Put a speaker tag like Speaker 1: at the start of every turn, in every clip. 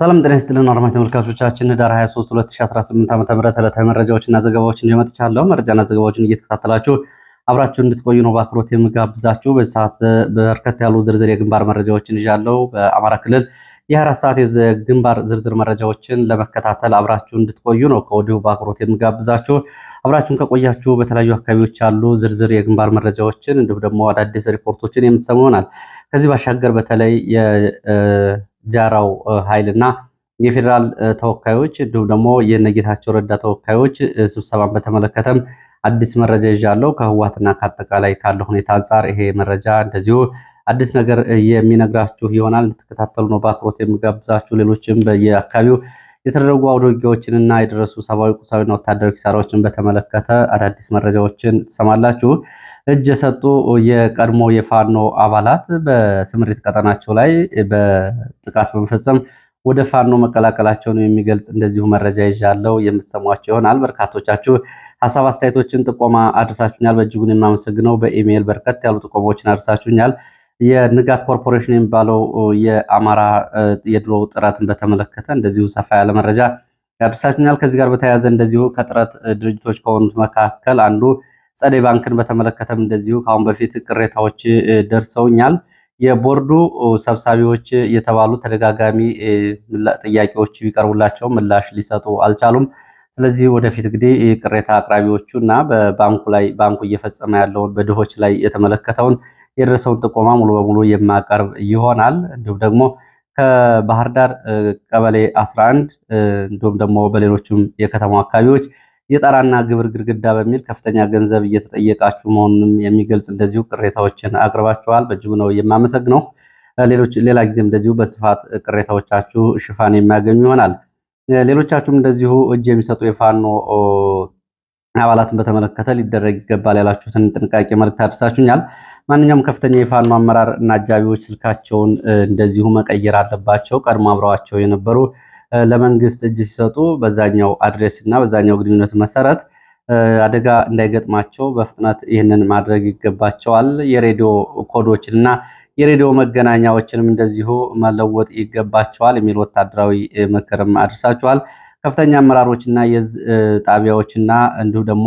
Speaker 1: ሰላም ጤና ይስጥልን አድማጭ ተመልካቾቻችን ህዳር 23 2018 ዓ.ም ዕለታዊ መረጃዎችና ዘገባዎችን እየመጥቻለሁ። መረጃና ዘገባዎችን እየተከታተላችሁ አብራችሁ እንድትቆዩ ነው በአክብሮት የምጋብዛችሁ። በዚህ ሰዓት በርከት ያሉ ዝርዝር የግንባር መረጃዎችን ይዣለሁ። በአማራ ክልል የአራት ሰዓት የግንባር ዝርዝር መረጃዎችን ለመከታተል አብራችሁ እንድትቆዩ ነው ከወዲሁ በአክብሮት የምጋብዛችሁ። አብራችሁን ከቆያችሁ በተለያዩ አካባቢዎች ያሉ ዝርዝር የግንባር መረጃዎችን እንዲሁም ደግሞ አዳዲስ ሪፖርቶችን የምትሰሙ ይሆናል። ከዚህ ባሻገር በተለይ ጃራው ኃይልና የፌዴራል ተወካዮች እንዲሁም ደግሞ የነጌታቸው ረዳ ተወካዮች ስብሰባን በተመለከተም አዲስ መረጃ ይዣለሁ። ከህዋትና ከአጠቃላይ ካለ ሁኔታ አንጻር ይሄ መረጃ እንደዚሁ አዲስ ነገር የሚነግራችሁ ይሆናል። እንድትከታተሉ ነው በአክብሮት የሚጋብዛችሁ። ሌሎችም በየአካባቢው የተደረጉ አውደ ውጊያዎችንና የደረሱ ሰብአዊ ቁሳዊና ወታደራዊ ኪሳራዎችን በተመለከተ አዳዲስ መረጃዎችን ትሰማላችሁ። እጅ የሰጡ የቀድሞ የፋኖ አባላት በስምሪት ቀጠናቸው ላይ በጥቃት በመፈጸም ወደ ፋኖ መቀላቀላቸውን የሚገልጽ እንደዚሁ መረጃ ይዣለው የምትሰሟቸው ይሆናል። በርካቶቻችሁ ሀሳብ አስተያየቶችን ጥቆማ አድርሳችሁኛል፣ በእጅጉን የማመሰግነው። በኢሜይል በርከት ያሉ ጥቆማዎችን አድርሳችሁኛል። የንጋት ኮርፖሬሽን የሚባለው የአማራ የድሮ ጥረትን በተመለከተ እንደዚሁ ሰፋ ያለ መረጃ ያደርሳችኛል። ከዚህ ጋር በተያያዘ እንደዚሁ ከጥረት ድርጅቶች ከሆኑት መካከል አንዱ ጸደይ ባንክን በተመለከተም እንደዚሁ ከአሁን በፊት ቅሬታዎች ደርሰውኛል። የቦርዱ ሰብሳቢዎች የተባሉ ተደጋጋሚ ጥያቄዎች ቢቀርቡላቸው ምላሽ ሊሰጡ አልቻሉም። ስለዚህ ወደፊት እንግዲህ ቅሬታ አቅራቢዎቹ እና በባንኩ ላይ ባንኩ እየፈጸመ ያለውን በድሆች ላይ የተመለከተውን የደረሰውን ጥቆማ ሙሉ በሙሉ የማቀርብ ይሆናል። እንዲሁም ደግሞ ከባህር ዳር ቀበሌ 11 እንዲሁም ደግሞ በሌሎችም የከተማው አካባቢዎች የጣራና ግብር ግድግዳ በሚል ከፍተኛ ገንዘብ እየተጠየቃችሁ መሆኑንም የሚገልጽ እንደዚሁ ቅሬታዎችን አቅርባችኋል። በእጅጉ ነው የማመሰግነው። ሌሎች ሌላ ጊዜም እንደዚሁ በስፋት ቅሬታዎቻችሁ ሽፋን የሚያገኙ ይሆናል። ሌሎቻችሁም እንደዚሁ እጅ የሚሰጡ የፋኖ አባላትን በተመለከተ ሊደረግ ይገባል ያላችሁትን ጥንቃቄ መልእክት አድርሳችሁኛል። ማንኛውም ከፍተኛ የፋኖ አመራር እና አጃቢዎች ስልካቸውን እንደዚሁ መቀየር አለባቸው። ቀድሞ አብረዋቸው የነበሩ ለመንግስት እጅ ሲሰጡ በዛኛው አድሬስ እና በዛኛው ግንኙነት መሰረት አደጋ እንዳይገጥማቸው በፍጥነት ይህንን ማድረግ ይገባቸዋል። የሬዲዮ ኮዶችን እና የሬዲዮ መገናኛዎችንም እንደዚሁ መለወጥ ይገባቸዋል የሚል ወታደራዊ ምክርም አድርሳቸዋል። ከፍተኛ አመራሮችና የእዝ ጣቢያዎችና እንዲሁ ደግሞ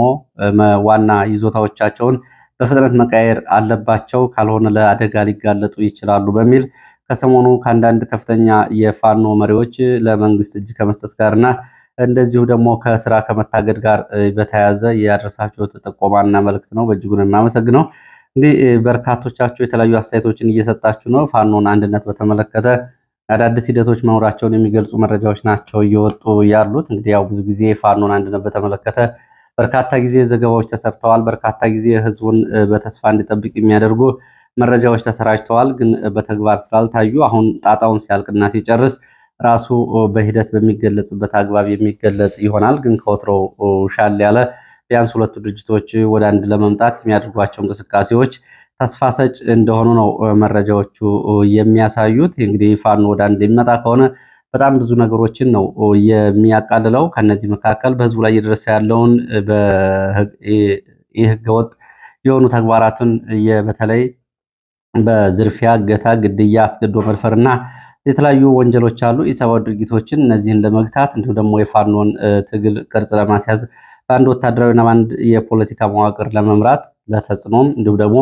Speaker 1: ዋና ይዞታዎቻቸውን በፍጥነት መቀየር አለባቸው፣ ካልሆነ ለአደጋ ሊጋለጡ ይችላሉ በሚል ከሰሞኑ ከአንዳንድ ከፍተኛ የፋኖ መሪዎች ለመንግስት እጅ ከመስጠት ጋርና እንደዚሁ ደግሞ ከስራ ከመታገድ ጋር በተያያዘ ያደረሳቸው ጥቆማና መልእክት ነው። በእጅጉን የማመሰግነው። እንግዲህ በርካቶቻችሁ የተለያዩ አስተያየቶችን እየሰጣችሁ ነው። ፋኖን አንድነት በተመለከተ አዳዲስ ሂደቶች መኖራቸውን የሚገልጹ መረጃዎች ናቸው እየወጡ ያሉት። እንግዲህ ያው ብዙ ጊዜ ፋኖን አንድነት በተመለከተ በርካታ ጊዜ ዘገባዎች ተሰርተዋል። በርካታ ጊዜ ህዝቡን በተስፋ እንዲጠብቅ የሚያደርጉ መረጃዎች ተሰራጭተዋል። ግን በተግባር ስላልታዩ አሁን ጣጣውን ሲያልቅና ሲጨርስ ራሱ በሂደት በሚገለጽበት አግባብ የሚገለጽ ይሆናል። ግን ከወትሮ ሻል ያለ ቢያንስ ሁለቱ ድርጅቶች ወደ አንድ ለመምጣት የሚያደርጓቸው እንቅስቃሴዎች ተስፋ ሰጭ እንደሆኑ ነው መረጃዎቹ የሚያሳዩት። እንግዲህ ፋኖ ወደ አንድ የሚመጣ ከሆነ በጣም ብዙ ነገሮችን ነው የሚያቃልለው። ከነዚህ መካከል በህዝቡ ላይ እየደረሰ ያለውን የህገወጥ የሆኑ ተግባራትን በተለይ በዝርፊያ፣ እገታ፣ ግድያ፣ አስገዶ መድፈርና የተለያዩ ወንጀሎች አሉ። ኢሰብአዊ ድርጊቶችን እነዚህን ለመግታት እንዲሁም ደግሞ የፋኖን ትግል ቅርጽ ለማስያዝ አንድ ወታደራዊና አንድ የፖለቲካ መዋቅር ለመምራት ለተጽዕኖም እንዲሁም ደግሞ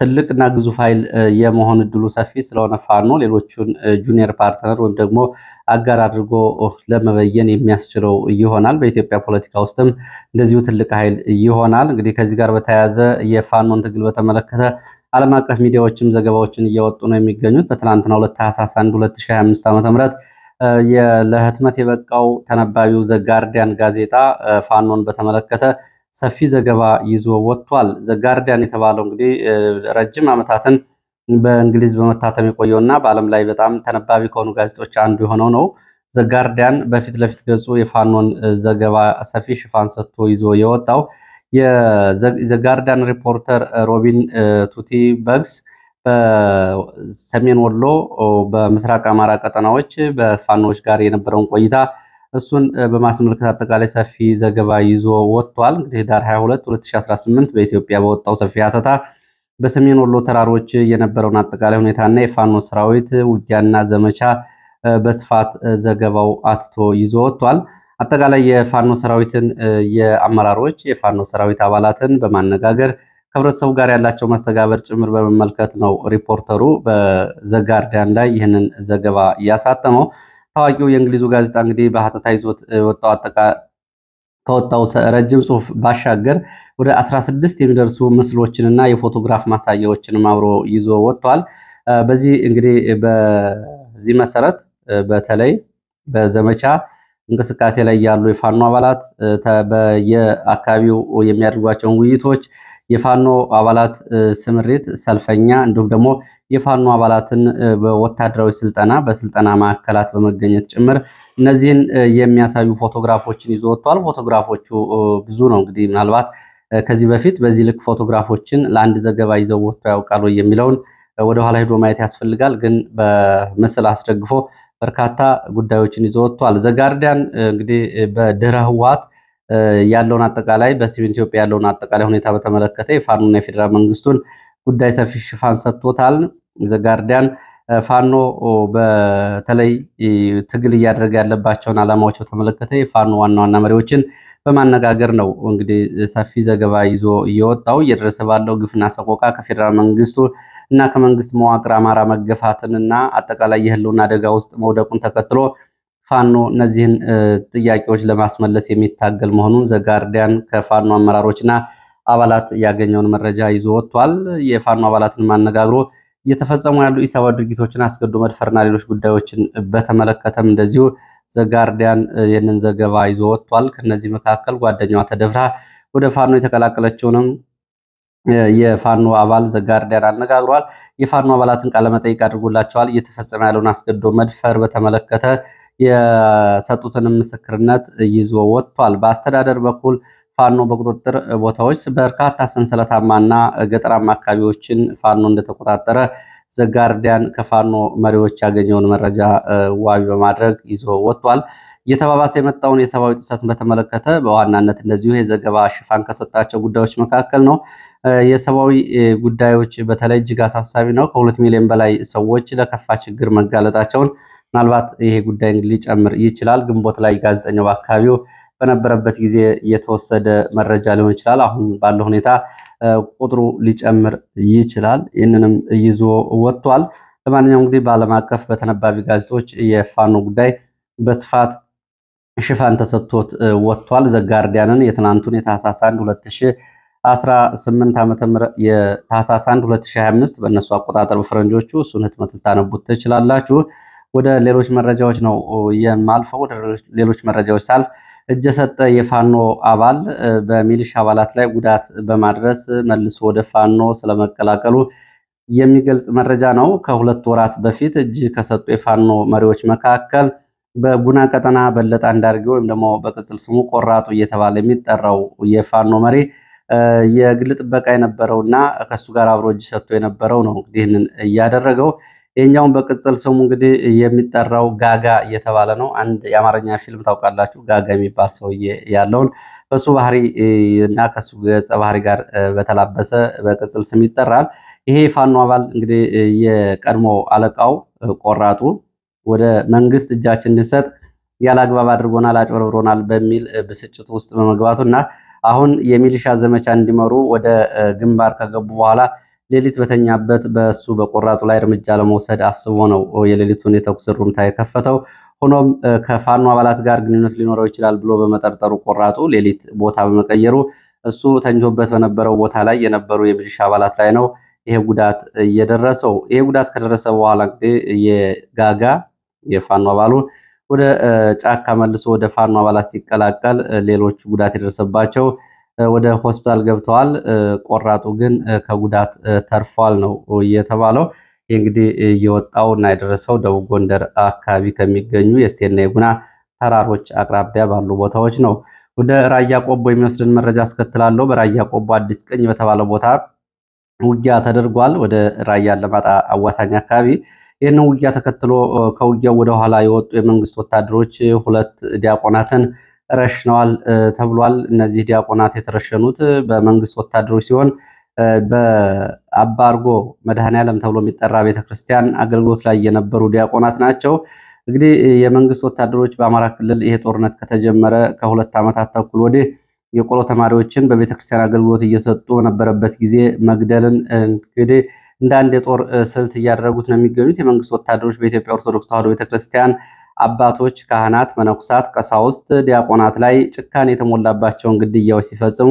Speaker 1: ትልቅና ግዙፍ ኃይል የመሆን እድሉ ሰፊ ስለሆነ ፋኖ ሌሎቹን ጁኒየር ፓርትነር ወይም ደግሞ አጋር አድርጎ ለመበየን የሚያስችለው ይሆናል። በኢትዮጵያ ፖለቲካ ውስጥም እንደዚሁ ትልቅ ኃይል ይሆናል። እንግዲህ ከዚህ ጋር በተያያዘ የፋኖን ትግል በተመለከተ ዓለም አቀፍ ሚዲያዎችም ዘገባዎችን እያወጡ ነው የሚገኙት። በትናንትና 2021 2025 ዓ 2025 ለህትመት የበቃው ተነባቢው ዘጋርዲያን ጋዜጣ ፋኖን በተመለከተ ሰፊ ዘገባ ይዞ ወጥቷል። ዘጋርዲያን የተባለው እንግዲህ ረጅም ዓመታትን በእንግሊዝ በመታተም እና በዓለም ላይ በጣም ተነባቢ ከሆኑ ጋዜጦች አንዱ የሆነው ነው። ዘጋርዲያን በፊት ለፊት ገጹ የፋኖን ዘገባ ሰፊ ሽፋን ሰጥቶ ይዞ የወጣው የዘጋርዲያን ሪፖርተር ሮቢን ቱቲ በግስ በሰሜን ወሎ በምስራቅ አማራ ቀጠናዎች በፋኖዎች ጋር የነበረውን ቆይታ እሱን በማስመልከት አጠቃላይ ሰፊ ዘገባ ይዞ ወጥቷል። እንግዲህ ዳር 22 2018 በኢትዮጵያ በወጣው ሰፊ አተታ በሰሜን ወሎ ተራሮች የነበረውን አጠቃላይ ሁኔታና የፋኖ ሰራዊት ውጊያና ዘመቻ በስፋት ዘገባው አትቶ ይዞ ወጥቷል። አጠቃላይ የፋኖ ሰራዊትን የአመራሮች የፋኖ ሰራዊት አባላትን በማነጋገር ከህብረተሰቡ ጋር ያላቸው መስተጋበር ጭምር በመመልከት ነው ሪፖርተሩ በዘጋርዲያን ላይ ይህንን ዘገባ እያሳተመው። ታዋቂው የእንግሊዙ ጋዜጣ እንግዲህ በሀተታ ይዞት ወጣው ከወጣው ረጅም ጽሁፍ ባሻገር ወደ 16 የሚደርሱ ምስሎችንና የፎቶግራፍ ማሳያዎችንም አብሮ ይዞ ወጥቷል። በዚህ እንግዲህ በዚህ መሰረት በተለይ በዘመቻ እንቅስቃሴ ላይ ያሉ የፋኖ አባላት በየአካባቢው የሚያደርጓቸውን ውይይቶች የፋኖ አባላት ስምሪት ሰልፈኛ እንዲሁም ደግሞ የፋኖ አባላትን በወታደራዊ ስልጠና በስልጠና ማዕከላት በመገኘት ጭምር እነዚህን የሚያሳዩ ፎቶግራፎችን ይዞ ወጥቷል። ፎቶግራፎቹ ብዙ ነው። እንግዲህ ምናልባት ከዚህ በፊት በዚህ ልክ ፎቶግራፎችን ለአንድ ዘገባ ይዘው ወጥቶ ያውቃሉ የሚለውን ወደኋላ ሄዶ ማየት ያስፈልጋል። ግን በምስል አስደግፎ በርካታ ጉዳዮችን ይዞ ወጥቷል። ዘጋርዲያን እንግዲህ በድህረ ህወሓት ያለውን አጠቃላይ በሲቪል ኢትዮጵያ ያለውን አጠቃላይ ሁኔታ በተመለከተ የፋኖና የፌዴራል መንግስቱን ጉዳይ ሰፊ ሽፋን ሰጥቶታል። ዘጋርዲያን ፋኖ በተለይ ትግል እያደረገ ያለባቸውን ዓላማዎች በተመለከተ የፋኖ ዋና ዋና መሪዎችን በማነጋገር ነው እንግዲህ ሰፊ ዘገባ ይዞ እየወጣው እየደረሰ ባለው ግፍና ሰቆቃ ከፌዴራል መንግስቱ እና ከመንግስት መዋቅር አማራ መገፋትን እና አጠቃላይ የህልውና አደጋ ውስጥ መውደቁን ተከትሎ ፋኖ እነዚህን ጥያቄዎች ለማስመለስ የሚታገል መሆኑን ዘጋርዲያን ከፋኖ አመራሮችና አባላት ያገኘውን መረጃ ይዞ ወጥቷል። የፋኖ አባላትን ማነጋግሮ እየተፈጸሙ ያሉ ኢሰብአዊ ድርጊቶችን አስገዶ መድፈርና ሌሎች ጉዳዮችን በተመለከተም እንደዚሁ ዘጋርዲያን ይህንን ዘገባ ይዞ ወጥቷል። ከነዚህ መካከል ጓደኛዋ ተደፍራ ወደ ፋኖ የተቀላቀለችውንም የፋኖ አባል ዘጋርዲያን አነጋግሯል። የፋኖ አባላትን ቃለመጠይቅ አድርጎላቸዋል። እየተፈጸመ ያለውን አስገዶ መድፈር በተመለከተ የሰጡትንም ምስክርነት ይዞ ወጥቷል። በአስተዳደር በኩል ፋኖ በቁጥጥር ቦታዎች በርካታ ሰንሰለታማና ገጠራማ አካባቢዎችን ፋኖ እንደተቆጣጠረ ዘጋርዲያን ከፋኖ መሪዎች ያገኘውን መረጃ ዋቢ በማድረግ ይዞ ወጥቷል። እየተባባሰ የመጣውን የሰብአዊ ጥሰትን በተመለከተ በዋናነት እንደዚሁ የዘገባ ሽፋን ከሰጣቸው ጉዳዮች መካከል ነው። የሰብአዊ ጉዳዮች በተለይ እጅግ አሳሳቢ ነው። ከሁለት ሚሊዮን በላይ ሰዎች ለከፋ ችግር መጋለጣቸውን ምናልባት ይሄ ጉዳይ እንግዲህ ሊጨምር ይችላል። ግንቦት ላይ ጋዜጠኛው በአካባቢው በነበረበት ጊዜ የተወሰደ መረጃ ሊሆን ይችላል። አሁን ባለው ሁኔታ ቁጥሩ ሊጨምር ይችላል። ይህንንም ይዞ ወጥቷል። ለማንኛውም እንግዲህ በዓለም አቀፍ በተነባቢ ጋዜጦች የፋኖ ጉዳይ በስፋት ሽፋን ተሰጥቶት ወጥቷል። ዘጋርዲያንን የትናንቱን የታህሳስ 1 2018 ዓ ም የታህሳስ 1 2025 በእነሱ አቆጣጠር በፈረንጆቹ እሱን ህትመት ልታነቡት ትችላላችሁ። ወደ ሌሎች መረጃዎች ነው የማልፈው። ወደ ሌሎች መረጃዎች ሳልፍ እጅ የሰጠ የፋኖ አባል በሚሊሻ አባላት ላይ ጉዳት በማድረስ መልሶ ወደ ፋኖ ስለመቀላቀሉ የሚገልጽ መረጃ ነው። ከሁለት ወራት በፊት እጅ ከሰጡ የፋኖ መሪዎች መካከል በጉና ቀጠና በለጠ አንዳርጌ ወይም ደግሞ በቅጽል ስሙ ቆራጡ እየተባለ የሚጠራው የፋኖ መሪ የግል ጥበቃ የነበረውና ከሱ ጋር አብሮ እጅ ሰጥቶ የነበረው ነው እንግዲህ ይህንን እያደረገው ይህኛውን በቅጽል ስሙ እንግዲህ የሚጠራው ጋጋ እየተባለ ነው። አንድ የአማርኛ ፊልም ታውቃላችሁ፣ ጋጋ የሚባል ሰውዬ ያለውን በሱ ባህሪ እና ከሱ ገጸ ባህሪ ጋር በተላበሰ በቅጽል ስም ይጠራል። ይሄ ፋኖ አባል እንግዲህ የቀድሞ አለቃው ቆራጡ ወደ መንግስት እጃችን እንድንሰጥ ያላግባብ አድርጎናል፣ አጭበርብሮናል በሚል ብስጭት ውስጥ በመግባቱ እና አሁን የሚሊሻ ዘመቻ እንዲመሩ ወደ ግንባር ከገቡ በኋላ ሌሊት በተኛበት በእሱ በቆራጡ ላይ እርምጃ ለመውሰድ አስቦ ነው የሌሊቱን የተኩስ ሩምታ የከፈተው። ሆኖም ከፋኖ አባላት ጋር ግንኙነት ሊኖረው ይችላል ብሎ በመጠርጠሩ ቆራጡ ሌሊት ቦታ በመቀየሩ እሱ ተኝቶበት በነበረው ቦታ ላይ የነበሩ የሚሊሻ አባላት ላይ ነው ይሄ ጉዳት እየደረሰው። ይሄ ጉዳት ከደረሰ በኋላ እንግዲህ የጋጋ የፋኖ አባሉ ወደ ጫካ መልሶ ወደ ፋኖ አባላት ሲቀላቀል ሌሎች ጉዳት የደረሰባቸው ወደ ሆስፒታል ገብተዋል። ቆራጡ ግን ከጉዳት ተርፏል ነው የተባለው። ይህ እንግዲህ እየወጣው እና የደረሰው ደቡብ ጎንደር አካባቢ ከሚገኙ የስቴና የጉና ተራሮች አቅራቢያ ባሉ ቦታዎች ነው። ወደ ራያ ቆቦ የሚወስድን መረጃ አስከትላለሁ። በራያ ቆቦ አዲስ ቀኝ በተባለ ቦታ ውጊያ ተደርጓል። ወደ ራያ አላማጣ አዋሳኝ አካባቢ ይህንን ውጊያ ተከትሎ ከውጊያው ወደ ኋላ የወጡ የመንግስት ወታደሮች ሁለት ዲያቆናትን ረሽነዋል ተብሏል። እነዚህ ዲያቆናት የተረሸኑት በመንግስት ወታደሮች ሲሆን በአባርጎ አርጎ መድኃኔዓለም ተብሎ የሚጠራ ቤተክርስቲያን አገልግሎት ላይ የነበሩ ዲያቆናት ናቸው። እንግዲህ የመንግስት ወታደሮች በአማራ ክልል ይሄ ጦርነት ከተጀመረ ከሁለት ዓመታት ተኩል ወዲህ የቆሎ ተማሪዎችን በቤተክርስቲያን አገልግሎት እየሰጡ በነበረበት ጊዜ መግደልን እንግዲህ እንደ አንድ የጦር ስልት እያደረጉት ነው የሚገኙት። የመንግስት ወታደሮች በኢትዮጵያ ኦርቶዶክስ ተዋሕዶ ቤተክርስቲያን አባቶች፣ ካህናት፣ መነኩሳት፣ ቀሳውስት፣ ዲያቆናት ላይ ጭካኔ የተሞላባቸውን ግድያዎች ሲፈጽሙ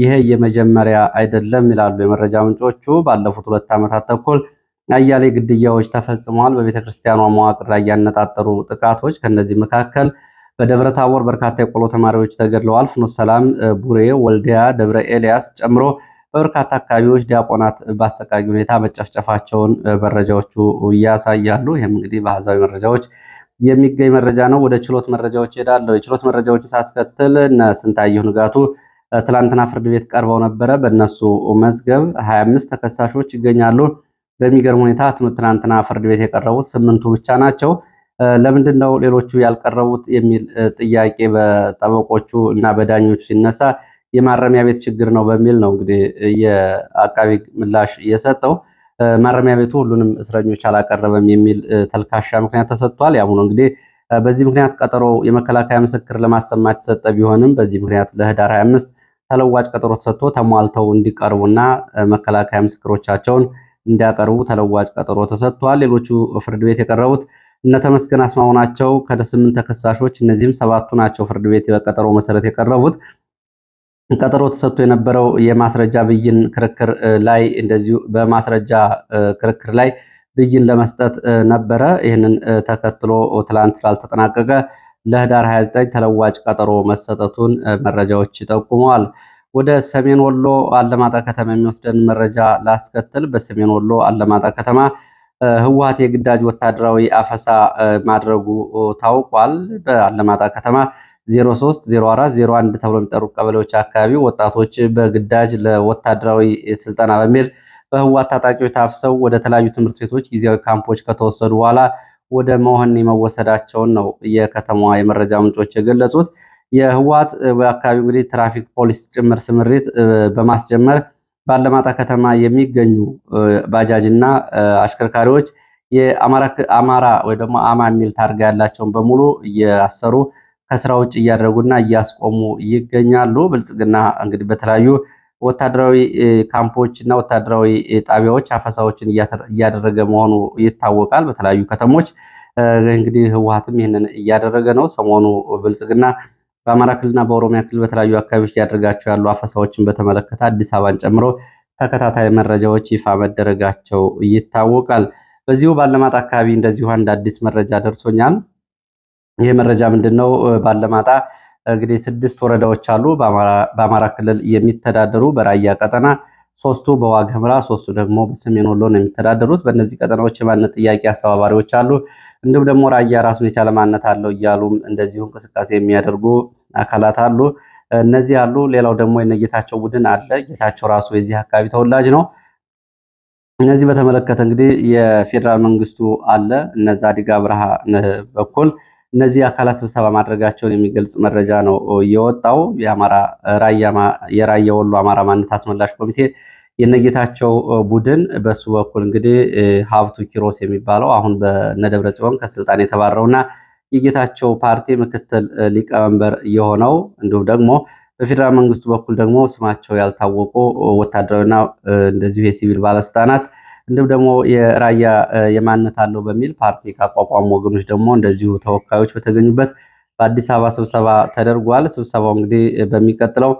Speaker 1: ይሄ የመጀመሪያ አይደለም ይላሉ የመረጃ ምንጮቹ። ባለፉት ሁለት ዓመታት ተኩል አያሌ ግድያዎች ተፈጽመዋል፣ በቤተክርስቲያኗ መዋቅር ላይ ያነጣጠሩ ጥቃቶች። ከነዚህ መካከል በደብረ ታቦር በርካታ የቆሎ ተማሪዎች ተገድለዋል። ፍኖተ ሰላም፣ ቡሬ፣ ወልዲያ፣ ደብረ ኤልያስ ጨምሮ በበርካታ አካባቢዎች ዲያቆናት በአሰቃቂ ሁኔታ መጨፍጨፋቸውን መረጃዎቹ እያሳያሉ። ይህም እንግዲህ ባህዛዊ መረጃዎች የሚገኝ መረጃ ነው። ወደ ችሎት መረጃዎች ሄዳለሁ። የችሎት መረጃዎች ሳስከትል እነ ስንታየሁ ንጋቱ ትላንትና ፍርድ ቤት ቀርበው ነበረ። በእነሱ መዝገብ 25 ተከሳሾች ይገኛሉ። በሚገርም ሁኔታ ትናንትና ፍርድ ቤት የቀረቡት ስምንቱ ብቻ ናቸው። ለምንድን ነው ሌሎቹ ያልቀረቡት የሚል ጥያቄ በጠበቆቹ እና በዳኞቹ ሲነሳ የማረሚያ ቤት ችግር ነው በሚል ነው እንግዲህ የአቃቢ ምላሽ የሰጠው። ማረሚያ ቤቱ ሁሉንም እስረኞች አላቀረበም የሚል ተልካሻ ምክንያት ተሰጥቷል። ያም እንግዲህ በዚህ ምክንያት ቀጠሮ የመከላከያ ምስክር ለማሰማት የተሰጠ ቢሆንም በዚህ ምክንያት ለህዳር 25 ተለዋጭ ቀጠሮ ተሰጥቶ ተሟልተው እንዲቀርቡና መከላከያ ምስክሮቻቸውን እንዲያቀርቡ ተለዋጭ ቀጠሮ ተሰጥቷል። ሌሎቹ ፍርድ ቤት የቀረቡት እነ ተመስገን አስማሙ ናቸው ከስምንት ተከሳሾች እነዚህም ሰባቱ ናቸው ፍርድ ቤት በቀጠሮ መሰረት የቀረቡት። ቀጠሮ ተሰጥቶ የነበረው የማስረጃ ብይን ክርክር ላይ እንደዚሁ በማስረጃ ክርክር ላይ ብይን ለመስጠት ነበረ። ይህንን ተከትሎ ትላንት ስላልተጠናቀቀ ለህዳር 29 ተለዋጭ ቀጠሮ መሰጠቱን መረጃዎች ጠቁመዋል። ወደ ሰሜን ወሎ አለማጣ ከተማ የሚወስደን መረጃ ላስከትል። በሰሜን ወሎ አለማጣ ከተማ ህወሀት የግዳጅ ወታደራዊ አፈሳ ማድረጉ ታውቋል። በአለማጣ ከተማ 03፣ 04፣ 01 ተብሎ የሚጠሩ ቀበሌዎች አካባቢ ወጣቶች በግዳጅ ለወታደራዊ ስልጠና በሚል በህዋት ታጣቂዎች ታፍሰው ወደ ተለያዩ ትምህርት ቤቶች፣ ጊዜያዊ ካምፖች ከተወሰዱ በኋላ ወደ መሆን መወሰዳቸውን ነው የከተማዋ የመረጃ ምንጮች የገለጹት። የህዋት በአካባቢው እንግዲህ ትራፊክ ፖሊስ ጭምር ስምሪት በማስጀመር በአለማጣ ከተማ የሚገኙ ባጃጅ እና አሽከርካሪዎች የአማራ ወይ ደግሞ አማ የሚል ታርጋ ያላቸውን በሙሉ እያሰሩ ከስራ ውጭ እያደረጉና እያስቆሙ ይገኛሉ። ብልጽግና እንግዲህ በተለያዩ ወታደራዊ ካምፖች እና ወታደራዊ ጣቢያዎች አፈሳዎችን እያደረገ መሆኑ ይታወቃል። በተለያዩ ከተሞች እንግዲህ ህወሓትም ይህንን እያደረገ ነው። ሰሞኑ ብልጽግና በአማራ ክልልና በኦሮሚያ ክልል በተለያዩ አካባቢዎች እያደረጋቸው ያሉ አፈሳዎችን በተመለከተ አዲስ አበባን ጨምሮ ተከታታይ መረጃዎች ይፋ መደረጋቸው ይታወቃል። በዚሁ ባለማት አካባቢ እንደዚሁ አንድ አዲስ መረጃ ደርሶኛል። ይህ መረጃ ምንድን ነው? ባለማጣ እንግዲህ ስድስት ወረዳዎች አሉ በአማራ ክልል የሚተዳደሩ በራያ ቀጠና ሶስቱ በዋግ ሶስቱ ደግሞ በሰሜን ወሎ ነው የሚተዳደሩት። በእነዚህ ቀጠናዎች የማንነት ጥያቄ አስተባባሪዎች አሉ። እንዲሁም ደግሞ ራያ ራሱን የቻለ ማንነት አለው እያሉም እንደዚሁ እንቅስቃሴ የሚያደርጉ አካላት አሉ። እነዚህ አሉ። ሌላው ደግሞ የነጌታቸው ቡድን አለ። ጌታቸው ራሱ የዚህ አካባቢ ተወላጅ ነው። እነዚህ በተመለከተ እንግዲህ የፌዴራል መንግስቱ አለ እነዛ ዲጋ ብርሃ በኩል እነዚህ አካላት ስብሰባ ማድረጋቸውን የሚገልጽ መረጃ ነው የወጣው። የራያ ወሎ አማራ ማንነት አስመላሽ ኮሚቴ የነጌታቸው ቡድን በሱ በኩል እንግዲህ ሀብቱ ኪሮስ የሚባለው አሁን በነደብረ ጽዮን ከስልጣን የተባረው እና የጌታቸው ፓርቲ ምክትል ሊቀመንበር የሆነው እንዲሁም ደግሞ በፌዴራል መንግስቱ በኩል ደግሞ ስማቸው ያልታወቁ ወታደራዊና እንደዚሁ የሲቪል ባለስልጣናት እንዲሁም ደግሞ የራያ የማንነት አለው በሚል ፓርቲ ካቋቋሙ ወገኖች ደግሞ እንደዚሁ ተወካዮች በተገኙበት በአዲስ አበባ ስብሰባ ተደርጓል። ስብሰባው እንግዲህ በሚቀጥለው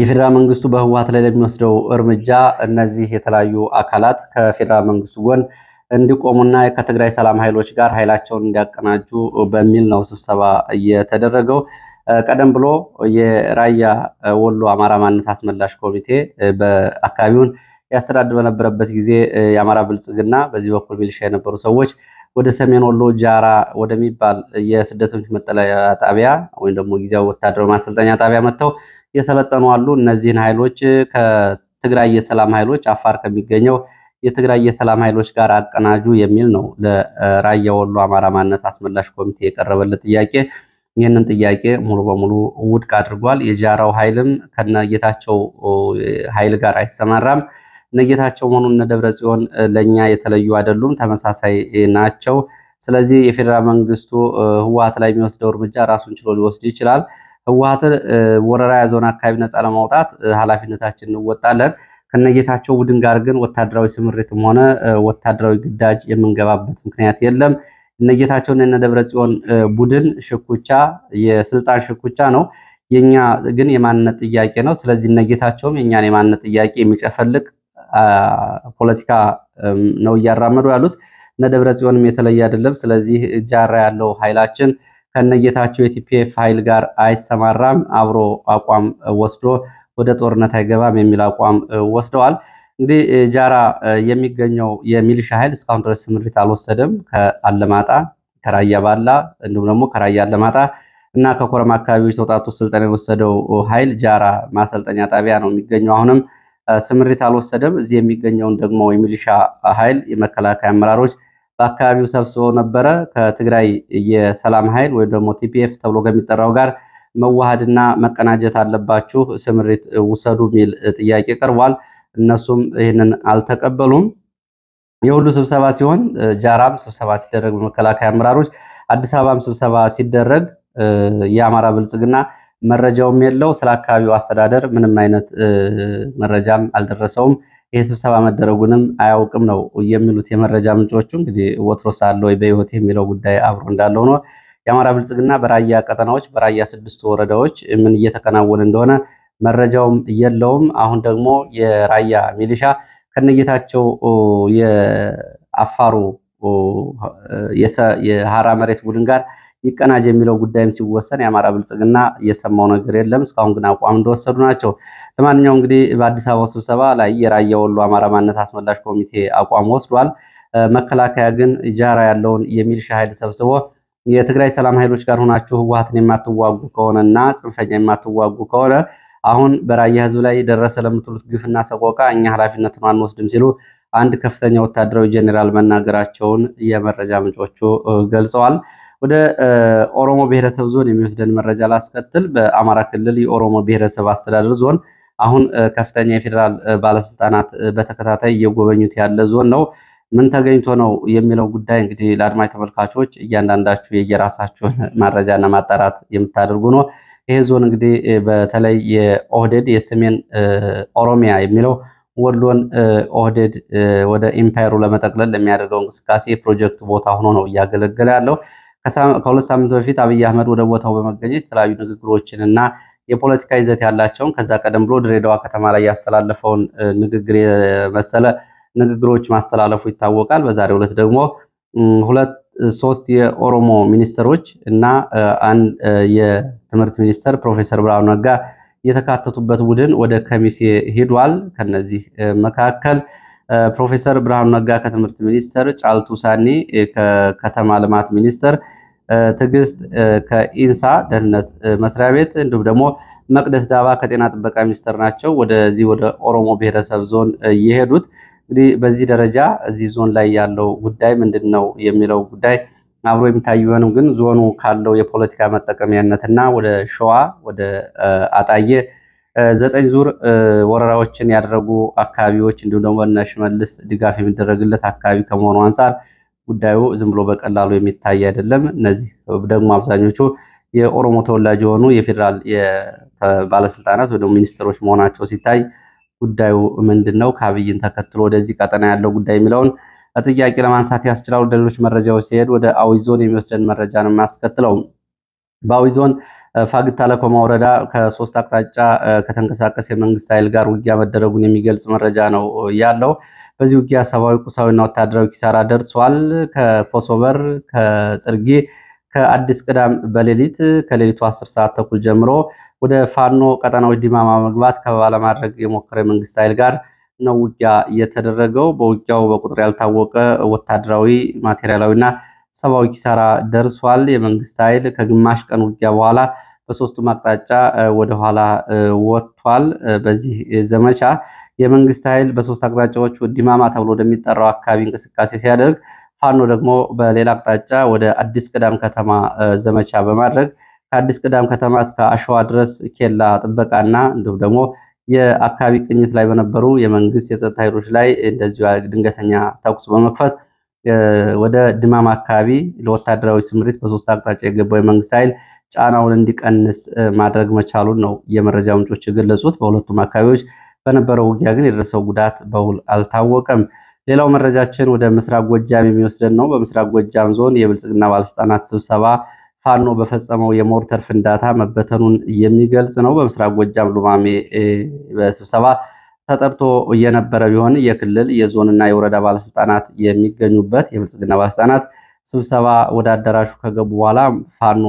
Speaker 1: የፌዴራል መንግስቱ በህወሀት ላይ ለሚወስደው እርምጃ እነዚህ የተለያዩ አካላት ከፌዴራል መንግስቱ ጎን እንዲቆሙና ከትግራይ ሰላም ኃይሎች ጋር ኃይላቸውን እንዲያቀናጁ በሚል ነው ስብሰባ እየተደረገው። ቀደም ብሎ የራያ ወሎ አማራ ማንነት አስመላሽ ኮሚቴ በአካባቢውን ያስተዳድር በነበረበት ጊዜ የአማራ ብልጽግና በዚህ በኩል ሚሊሻ የነበሩ ሰዎች ወደ ሰሜን ወሎ ጃራ ወደሚባል የስደተኞች መጠለያ ጣቢያ ወይም ደግሞ ጊዜያዊ ወታደራዊ ማሰልጠኛ ጣቢያ መጥተው የሰለጠኑ አሉ። እነዚህን ኃይሎች ከትግራይ የሰላም ኃይሎች አፋር ከሚገኘው የትግራይ የሰላም ኃይሎች ጋር አቀናጁ የሚል ነው ለራያ ወሎ አማራ ማንነት አስመላሽ ኮሚቴ የቀረበለት ጥያቄ። ይህንን ጥያቄ ሙሉ በሙሉ ውድቅ አድርጓል። የጃራው ኃይልም ከነጌታቸው ኃይል ጋር አይሰማራም። እነጌታቸው መሆኑ እነ ደብረ ጽዮን ለእኛ የተለዩ አይደሉም፣ ተመሳሳይ ናቸው። ስለዚህ የፌዴራል መንግስቱ ህወሀት ላይ የሚወስደው እርምጃ ራሱን ችሎ ሊወስድ ይችላል። ህወሀትን ወረራ ያዘውን አካባቢ ነፃ ለማውጣት ኃላፊነታችን እንወጣለን። ከነጌታቸው ቡድን ጋር ግን ወታደራዊ ስምሪትም ሆነ ወታደራዊ ግዳጅ የምንገባበት ምክንያት የለም። እነጌታቸውን የነ ደብረ ጽዮን ቡድን ሽኩቻ የስልጣን ሽኩቻ ነው። የኛ ግን የማንነት ጥያቄ ነው። ስለዚህ እነጌታቸውም የእኛን የማንነት ጥያቄ የሚጨፈልቅ ፖለቲካ ነው እያራመዱ ያሉት። እነ ደብረ ጽዮንም የተለየ አይደለም። ስለዚህ እጃራ ያለው ኃይላችን ከነጌታቸው የቲፒኤፍ ኃይል ጋር አይሰማራም፣ አብሮ አቋም ወስዶ ወደ ጦርነት አይገባም የሚል አቋም ወስደዋል። እንግዲህ ጃራ የሚገኘው የሚሊሻ ኃይል እስካሁን ድረስ ስምሪት አልወሰደም። ከአለማጣ ከራያ ባላ እንዲሁም ደግሞ ከራያ አለማጣ እና ከኮረማ አካባቢዎች ተውጣጡ ስልጠና የወሰደው ኃይል ጃራ ማሰልጠኛ ጣቢያ ነው የሚገኘው አሁንም ስምሪት አልወሰደም። እዚህ የሚገኘውን ደግሞ የሚሊሻ ኃይል የመከላከያ አመራሮች በአካባቢው ሰብስበው ነበረ። ከትግራይ የሰላም ኃይል ወይም ደግሞ ቲፒኤፍ ተብሎ ከሚጠራው ጋር መዋሃድና መቀናጀት አለባችሁ፣ ስምሪት ውሰዱ የሚል ጥያቄ ቀርቧል። እነሱም ይህንን አልተቀበሉም። የሁሉ ስብሰባ ሲሆን ጃራም ስብሰባ ሲደረግ በመከላከያ አመራሮች፣ አዲስ አበባም ስብሰባ ሲደረግ የአማራ ብልጽግና መረጃውም የለው። ስለ አካባቢው አስተዳደር ምንም አይነት መረጃም አልደረሰውም። ይህ ስብሰባ መደረጉንም አያውቅም ነው የሚሉት የመረጃ ምንጮቹ። እንግዲህ ወትሮስ አለ ወይ በሕይወት የሚለው ጉዳይ አብሮ እንዳለ ሆኖ የአማራ ብልጽግና በራያ ቀጠናዎች በራያ ስድስቱ ወረዳዎች ምን እየተከናወነ እንደሆነ መረጃውም የለውም። አሁን ደግሞ የራያ ሚሊሻ ከነጌታቸው የአፋሩ የሀራ መሬት ቡድን ጋር ይቀናጅ የሚለው ጉዳይም ሲወሰን የአማራ ብልጽግና እየሰማው ነገር የለም። እስካሁን ግን አቋም እንደወሰዱ ናቸው። ለማንኛውም እንግዲህ በአዲስ አበባ ስብሰባ ላይ የራያ ወሎ አማራ ማንነት አስመላሽ ኮሚቴ አቋም ወስዷል። መከላከያ ግን ጃራ ያለውን የሚልሻ ኃይል ሰብስቦ የትግራይ ሰላም ኃይሎች ጋር ሆናችሁ ህወሓትን የማትዋጉ ከሆነና ጽንፈኛ የማትዋጉ ከሆነ አሁን በራያ ህዝብ ላይ ደረሰ ለምትሉት ግፍና ሰቆቃ እኛ ኃላፊነቱን አንወስድም ሲሉ አንድ ከፍተኛ ወታደራዊ ጄኔራል መናገራቸውን የመረጃ ምንጮቹ ገልጸዋል። ወደ ኦሮሞ ብሔረሰብ ዞን የሚወስደን መረጃ ላስከትል። በአማራ ክልል የኦሮሞ ብሔረሰብ አስተዳደር ዞን አሁን ከፍተኛ የፌዴራል ባለስልጣናት በተከታታይ እየጎበኙት ያለ ዞን ነው። ምን ተገኝቶ ነው የሚለው ጉዳይ እንግዲህ ለአድማጭ ተመልካቾች እያንዳንዳችሁ የየራሳችሁን ማረጃና ማጣራት የምታደርጉ ነው። ይሄ ዞን እንግዲህ በተለይ የኦህዴድ የሰሜን ኦሮሚያ የሚለው ወሎን ኦህዴድ ወደ ኢምፓየሩ ለመጠቅለል ለሚያደርገው እንቅስቃሴ የፕሮጀክት ቦታ ሆኖ ነው እያገለገለ ያለው። ከሁለት ሳምንት በፊት አብይ አህመድ ወደ ቦታው በመገኘት የተለያዩ ንግግሮችን እና የፖለቲካ ይዘት ያላቸውን ከዛ ቀደም ብሎ ድሬዳዋ ከተማ ላይ ያስተላለፈውን ንግግር የመሰለ ንግግሮች ማስተላለፉ ይታወቃል። በዛሬው ዕለት ደግሞ ሁለት ሶስት የኦሮሞ ሚኒስትሮች እና አንድ የትምህርት ሚኒስትር ፕሮፌሰር ብርሃኑ ነጋ የተካተቱበት ቡድን ወደ ከሚሴ ሄዷል። ከነዚህ መካከል ፕሮፌሰር ብርሃኑ ነጋ ከትምህርት ሚኒስቴር፣ ጫልቱ ሳኒ ከከተማ ልማት ሚኒስቴር፣ ትዕግስት ከኢንሳ ደህንነት መስሪያ ቤት እንዲሁም ደግሞ መቅደስ ዳባ ከጤና ጥበቃ ሚኒስቴር ናቸው ወደዚህ ወደ ኦሮሞ ብሔረሰብ ዞን የሄዱት። እንግዲህ በዚህ ደረጃ እዚህ ዞን ላይ ያለው ጉዳይ ምንድን ነው የሚለው ጉዳይ አብሮ የሚታይ ቢሆንም ግን ዞኑ ካለው የፖለቲካ መጠቀሚያነትና ወደ ሸዋ ወደ አጣዬ ዘጠኝ ዙር ወረራዎችን ያደረጉ አካባቢዎች እንዲሁም ደግሞ እነ ሽመልስ ድጋፍ የሚደረግለት አካባቢ ከመሆኑ አንጻር ጉዳዩ ዝም ብሎ በቀላሉ የሚታይ አይደለም። እነዚህ ደግሞ አብዛኞቹ የኦሮሞ ተወላጅ የሆኑ የፌዴራል ባለስልጣናት ወይ ሚኒስትሮች መሆናቸው ሲታይ ጉዳዩ ምንድን ነው ከአብይን ተከትሎ ወደዚህ ቀጠና ያለው ጉዳይ የሚለውን ጥያቄ ለማንሳት ያስችላሉ ሌሎች መረጃዎች ሲሄድ ወደ አዊ ዞን የሚወስደን መረጃ ነው የሚያስከትለው። በአዊ ዞን ፋግታ ለኮማ ወረዳ ከሶስት አቅጣጫ ከተንቀሳቀስ የመንግስት ኃይል ጋር ውጊያ መደረጉን የሚገልጽ መረጃ ነው ያለው። በዚህ ውጊያ ሰብአዊ፣ ቁሳዊና ወታደራዊ ኪሳራ ደርሷል። ከኮሶበር፣ ከጽርጌ፣ ከአዲስ ቅዳም በሌሊት ከሌሊቱ አስር ሰዓት ተኩል ጀምሮ ወደ ፋኖ ቀጠናዎች ዲማማ መግባት ከበባ ለማድረግ የሞከረ የመንግስት ኃይል ጋር ነው ውጊያ የተደረገው። በውጊያው በቁጥር ያልታወቀ ወታደራዊ ማቴሪያላዊና ሰብአዊ ኪሳራ ደርሷል። የመንግስት ኃይል ከግማሽ ቀን ውጊያ በኋላ በሶስቱም አቅጣጫ ወደኋላ ወጥቷል። በዚህ ዘመቻ የመንግስት ኃይል በሶስት አቅጣጫዎች ዲማማ ተብሎ ወደሚጠራው አካባቢ እንቅስቃሴ ሲያደርግ፣ ፋኖ ደግሞ በሌላ አቅጣጫ ወደ አዲስ ቅዳም ከተማ ዘመቻ በማድረግ ከአዲስ ቅዳም ከተማ እስከ አሸዋ ድረስ ኬላ ጥበቃና እንዲሁም ደግሞ የአካባቢ ቅኝት ላይ በነበሩ የመንግስት የጸጥታ ኃይሎች ላይ እንደዚሁ ድንገተኛ ተኩስ በመክፈት ወደ ድማም አካባቢ ለወታደራዊ ስምሪት በሶስት አቅጣጫ የገባው የመንግስት ኃይል ጫናውን እንዲቀንስ ማድረግ መቻሉን ነው የመረጃ ምንጮች የገለጹት። በሁለቱም አካባቢዎች በነበረው ውጊያ ግን የደረሰው ጉዳት በውል አልታወቀም። ሌላው መረጃችን ወደ ምስራቅ ጎጃም የሚወስደን ነው። በምስራቅ ጎጃም ዞን የብልጽግና ባለስልጣናት ስብሰባ ፋኖ በፈጸመው የሞርተር ፍንዳታ መበተኑን የሚገልጽ ነው። በምስራቅ ጎጃም ሉማሜ በስብሰባ ተጠርቶ የነበረ ቢሆን የክልል የዞንና የወረዳ ባለስልጣናት የሚገኙበት የብልጽግና ባለስልጣናት ስብሰባ ወደ አዳራሹ ከገቡ በኋላ ፋኖ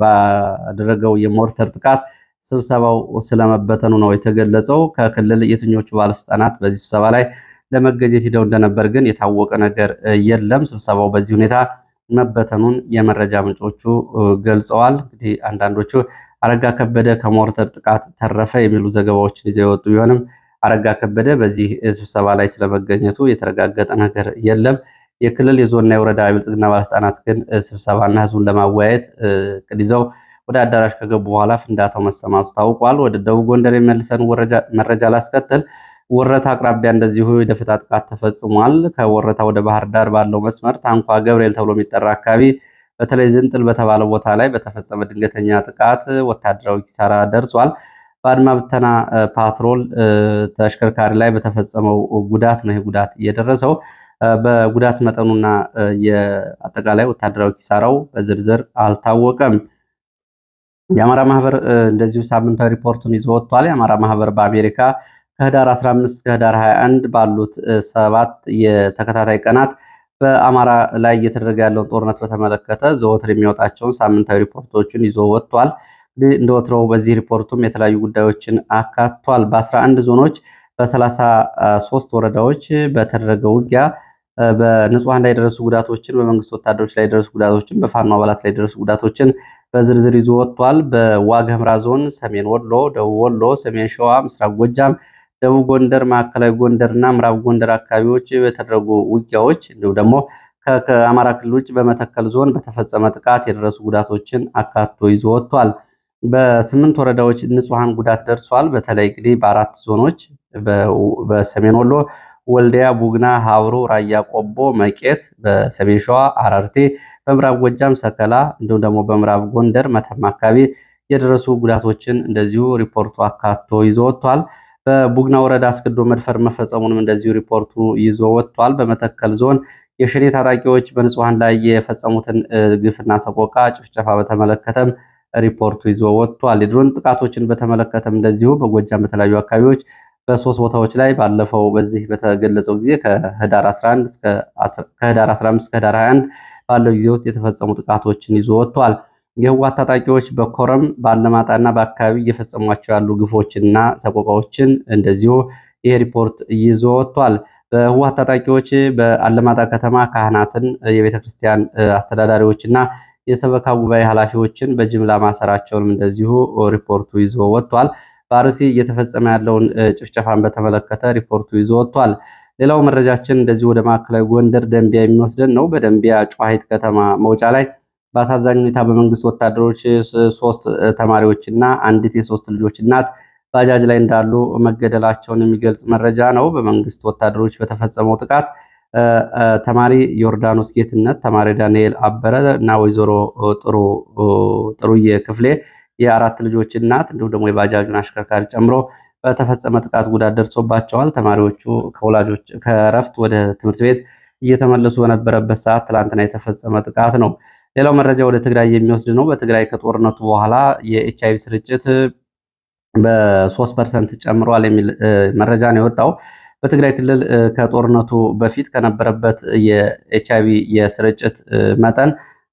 Speaker 1: ባደረገው የሞርተር ጥቃት ስብሰባው ስለመበተኑ ነው የተገለጸው። ከክልል የትኞቹ ባለስልጣናት በዚህ ስብሰባ ላይ ለመገኘት ሂደው እንደነበር ግን የታወቀ ነገር የለም። ስብሰባው በዚህ ሁኔታ መበተኑን የመረጃ ምንጮቹ ገልጸዋል። እንግዲህ አንዳንዶቹ አረጋ ከበደ ከሞርተር ጥቃት ተረፈ የሚሉ ዘገባዎችን ይዘው የወጡ ቢሆንም አረጋ ከበደ በዚህ ስብሰባ ላይ ስለመገኘቱ የተረጋገጠ ነገር የለም። የክልል የዞንና የወረዳ የብልጽግና ባለስልጣናት ግን ስብሰባና ህዝቡን ለማወያየት እቅድ ይዘው ወደ አዳራሽ ከገቡ በኋላ ፍንዳታው መሰማቱ ታውቋል። ወደ ደቡብ ጎንደር የመልሰን መረጃ ላስከትል ወረታ አቅራቢያ እንደዚሁ የደፈጣ ጥቃት ተፈጽሟል። ከወረታ ወደ ባህር ዳር ባለው መስመር ታንኳ ገብርኤል ተብሎ የሚጠራ አካባቢ በተለይ ዝንጥል በተባለ ቦታ ላይ በተፈጸመ ድንገተኛ ጥቃት ወታደራዊ ኪሳራ ደርሷል። በአድማ ብተና ፓትሮል ተሽከርካሪ ላይ በተፈጸመው ጉዳት ነው ይህ ጉዳት የደረሰው። በጉዳት መጠኑና የአጠቃላይ ወታደራዊ ኪሳራው በዝርዝር አልታወቀም። የአማራ ማህበር እንደዚሁ ሳምንታዊ ሪፖርቱን ይዞ ወጥቷል። የአማራ ማህበር በአሜሪካ ከህዳር 15 ከህዳር 21 ባሉት ሰባት የተከታታይ ቀናት በአማራ ላይ እየተደረገ ያለውን ጦርነት በተመለከተ ዘወትር የሚወጣቸውን ሳምንታዊ ሪፖርቶችን ይዞ ወጥቷል። እንደ ወትሮው በዚህ ሪፖርቱም የተለያዩ ጉዳዮችን አካቷል። በ11 ዞኖች በ33 ወረዳዎች በተደረገ ውጊያ በንጹሐን ላይ የደረሱ ጉዳቶችን፣ በመንግስት ወታደሮች ላይ የደረሱ ጉዳቶችን፣ በፋኖ አባላት ላይ የደረሱ ጉዳቶችን በዝርዝር ይዞ ወጥቷል። በዋግ ኽምራ ዞን፣ ሰሜን ወሎ፣ ደቡብ ወሎ፣ ሰሜን ሸዋ፣ ምስራቅ ጎጃም፣ ደቡብ ጎንደር፣ ማዕከላዊ ጎንደር እና ምዕራብ ጎንደር አካባቢዎች በተደረጉ ውጊያዎች እንዲሁም ደግሞ ከአማራ ክልል ውጭ በመተከል ዞን በተፈጸመ ጥቃት የደረሱ ጉዳቶችን አካቶ ይዞ ወጥቷል። በስምንት ወረዳዎች ንጹሐን ጉዳት ደርሷል። በተለይ እንግዲህ በአራት ዞኖች በሰሜን ወሎ ወልዲያ፣ ቡግና፣ ሀብሩ፣ ራያ ቆቦ፣ መቄት፣ በሰሜን ሸዋ አራርቴ፣ በምዕራብ ጎጃም ሰከላ፣ እንዲሁም ደግሞ በምዕራብ ጎንደር መተማ አካባቢ የደረሱ ጉዳቶችን እንደዚሁ ሪፖርቱ አካቶ ይዞ ወጥቷል። በቡግና ወረዳ አስገድዶ መድፈር መፈጸሙንም እንደዚሁ ሪፖርቱ ይዞ ወጥቷል። በመተከል ዞን የሸኔ ታጣቂዎች በንጹሐን ላይ የፈጸሙትን ግፍና ሰቆቃ ጭፍጨፋ በተመለከተም ሪፖርቱ ይዞ ወጥቷል። የድሮን ጥቃቶችን በተመለከተም እንደዚሁ በጎጃም በተለያዩ አካባቢዎች በሶስት ቦታዎች ላይ ባለፈው በዚህ በተገለጸው ጊዜ ከህዳር 11 እስከ ከህዳር 15 እስከ ህዳር 21 ባለው ጊዜ ውስጥ የተፈጸሙ ጥቃቶችን ይዞ ወጥቷል። የህወሓት ታጣቂዎች በኮረም ባለማጣና በአካባቢ እየፈጸሟቸው ያሉ ግፎችንና ሰቆቃዎችን እንደዚሁ ይህ ሪፖርት ይዞ ወጥቷል። በህወሓት ታጣቂዎች በአለማጣ ከተማ ካህናትን፣ የቤተክርስቲያን አስተዳዳሪዎችና የሰበካ ጉባኤ ኃላፊዎችን በጅምላ ማሰራቸውንም እንደዚሁ ሪፖርቱ ይዞ ወጥቷል። በአርሲ እየተፈጸመ ያለውን ጭፍጨፋን በተመለከተ ሪፖርቱ ይዞ ወጥቷል። ሌላው መረጃችን እንደዚሁ ወደ ማዕከላዊ ጎንደር ደንቢያ የሚወስደን ነው። በደንቢያ ጨዋሂት ከተማ መውጫ ላይ በአሳዛኝ ሁኔታ በመንግስት ወታደሮች ሶስት ተማሪዎችና አንዲት የሶስት ልጆች እናት ባጃጅ ላይ እንዳሉ መገደላቸውን የሚገልጽ መረጃ ነው። በመንግስት ወታደሮች በተፈጸመው ጥቃት ተማሪ ዮርዳኖስ ጌትነት፣ ተማሪ ዳንኤል አበረ እና ወይዘሮ ጥሩዬ ክፍሌ የአራት ልጆች እናት እንዲሁም ደግሞ የባጃጁን አሽከርካሪ ጨምሮ በተፈጸመ ጥቃት ጉዳት ደርሶባቸዋል። ተማሪዎቹ ከወላጆች ከእረፍት ወደ ትምህርት ቤት እየተመለሱ በነበረበት ሰዓት ትላንትና የተፈጸመ ጥቃት ነው። ሌላው መረጃ ወደ ትግራይ የሚወስድ ነው። በትግራይ ከጦርነቱ በኋላ የኤች አይቪ ስርጭት በሶስት ፐርሰንት ጨምሯል የሚል መረጃ ነው የወጣው። በትግራይ ክልል ከጦርነቱ በፊት ከነበረበት የኤችአይቪ የስርጭት መጠን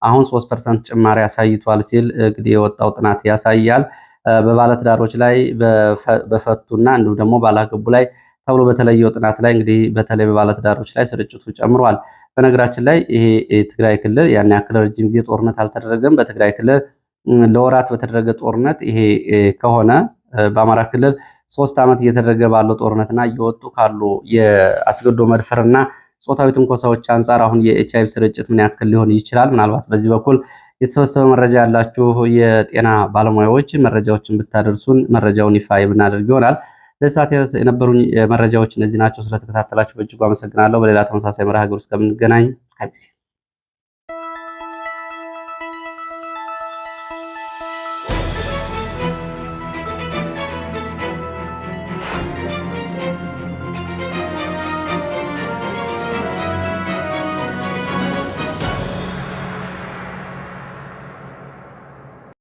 Speaker 1: አሁን ሶስት ፐርሰንት ጭማሪ አሳይቷል ሲል እንግዲህ የወጣው ጥናት ያሳያል። በባለትዳሮች ላይ በፈቱና እንዲሁም ደግሞ ባላገቡ ላይ ተብሎ በተለየው ጥናት ላይ እንግዲህ በተለይ በባለትዳሮች ላይ ስርጭቱ ጨምሯል። በነገራችን ላይ ይሄ ትግራይ ክልል ያን ያክል ረጅም ጊዜ ጦርነት አልተደረገም። በትግራይ ክልል ለወራት በተደረገ ጦርነት ይሄ ከሆነ በአማራ ክልል ሶስት ዓመት እየተደረገ ባለው ጦርነትና እየወጡ ካሉ የአስገዶ መድፈርና ጾታዊ ትንኮሳዎች አንጻር አሁን የኤች አይቪ ስርጭት ምን ያክል ሊሆን ይችላል? ምናልባት በዚህ በኩል የተሰበሰበ መረጃ ያላችሁ የጤና ባለሙያዎች መረጃዎችን ብታደርሱን መረጃውን ይፋ የምናደርግ ይሆናል። ለሰዓት የነበሩኝ መረጃዎች እነዚህ ናቸው። ስለተከታተላችሁ በእጅጉ አመሰግናለሁ። በሌላ ተመሳሳይ መርሃ ግብር እስከምንገናኝ ከሚሴ